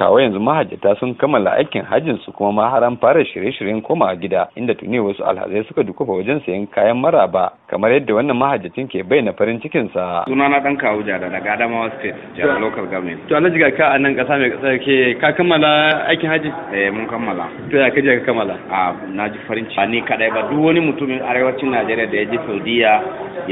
kawo yanzu mahajjata sun kammala aikin hajjin su kuma ma har an fara shirye-shiryen koma gida inda tuni wasu alhazai suka dukufa wajen sayan kayan maraba kamar yadda wannan mahajjacin ke bayyana farin cikin sa sunana dan kawo jada daga Adamawa state jada local government to alhaji ga ka a nan kasa mai kasa ke ka kammala aikin hajji eh mun kammala to ya kaje ka kammala a na ji farin ciki ni kadai ba duk wani mutumin arewacin Najeriya da ya ji Saudiya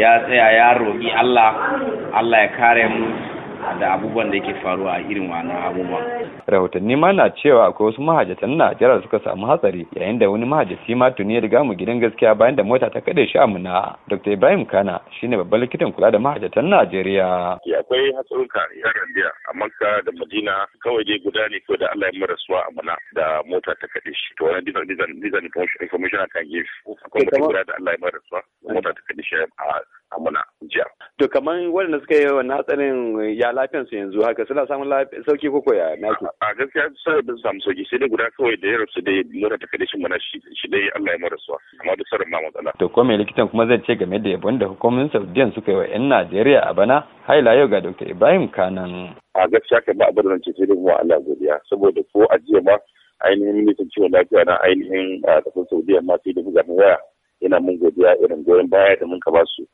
ya tsaya ya roki Allah Allah ya kare mu da abubuwan da yake faruwa a irin wannan abubuwan. Rahotanni ma na cewa akwai wasu mahajatan Najeriya da suka samu hatsari yayin da wani mahajaci ma tuni ya riga mu gidan gaskiya bayan da mota ta kade shi a muna. Dr. Ibrahim Kana shine babban likitan kula da mahajatan Najeriya. Akwai hatsaruka ya biya a Makka da Madina kawai dai guda ne kawai da Allah ya mara suwa a muna da mota ta kade shi. To wani dizan dizan dizan information akan gefe. Akwai eh, guda da Allah ya mara suwa mota ta kade shi a a jiya. To kamar waɗanda suka yi wannan hatsarin ya lafiyan su yanzu haka suna samun sauki ko na naki. A gaskiya sai da samu sauki sai dai guda kawai da ya rasu dai mura ta kada shi mana shi dai Allah ya suwa amma duk sarin ma matsala. To ko likitan kuma zai ce game da yabon da hukumomin Saudiyan suka yi wa 'yan Najeriya a bana haila yau ga Dr. Ibrahim Kanan. A gaskiya ka ba abin da zance sai dai kuma Allah godiya saboda ko a jiya ma ainihin ministan ciwon lafiya na ainihin kasar Saudiya ma sai da buga waya yana mun godiya irin goyon baya da mun ka ba su.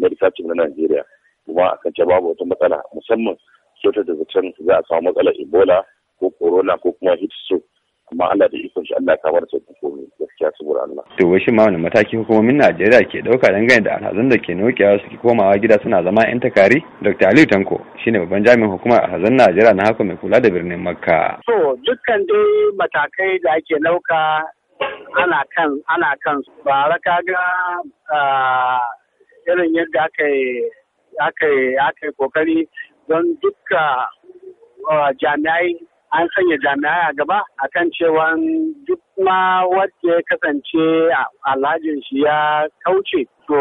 wato na na Najeriya kuma a kan babu wata matsala musamman kyautar da zaton za a samu matsalar Ebola ko corona ko kuma heat stroke amma Allah da ikon shi Allah da su komai gaskiya saboda Allah to wai shi ma wani mataki hukumomin Najeriya ke dauka dangane da alhazan da ke nokewa suke komawa gida suna zama yan takari Dr. Aliyu Tanko shine babban jami'in hukumar alhazan Najeriya na haka mai kula da birnin Makka to dukkan dai matakai da ake dauka ana kan ana kan ba ka ga ah, irin yadda aka yi aka kokari don duka uh, jami'ai an sanya jami'ai a gaba a kan cewa duk ma wadda ya kasance alhajin shi ya kauce to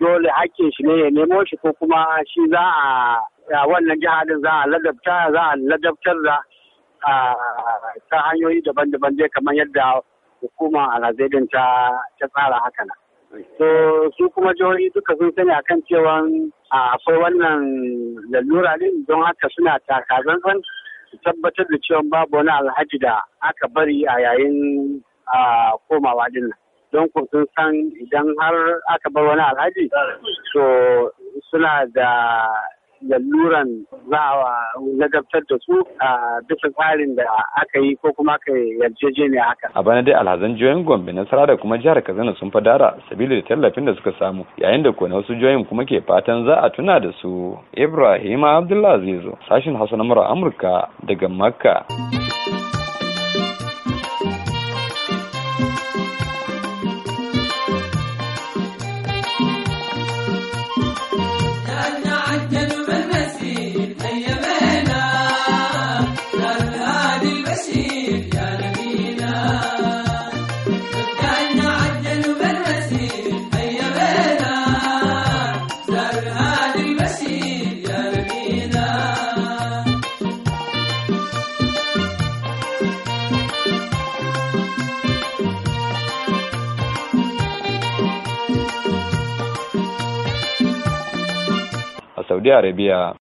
dole hakkin shi ne ya nemo shi ko kuma shi za a wannan jihadin za a ladabta za a ladabtar da ta hanyoyi daban-daban dai kamar yadda hukumar alhazedin ta tsara haka nan. To su kuma jihohi duka sun sani akan cewa akwai wannan lalura din don haka suna takazanzan su tabbatar da cewa babu wani alhaji da aka bari a yayin komawa din don ku sun san idan har aka bar wani alhaji to suna da laluran za a nagartar da su a bisa tsarin da aka yi ko kuma aka ne haka. A bana dai alhazan jihohin Gombe nasara da kuma jihar Katsina sun fadara sabili da tallafin da suka samu yayin da kone wasu jihohin kuma ke fatan za a tuna da su. Ibrahim Abdullahi Azizu sashin Hausa na Amurka daga Makka. Saudi Arabia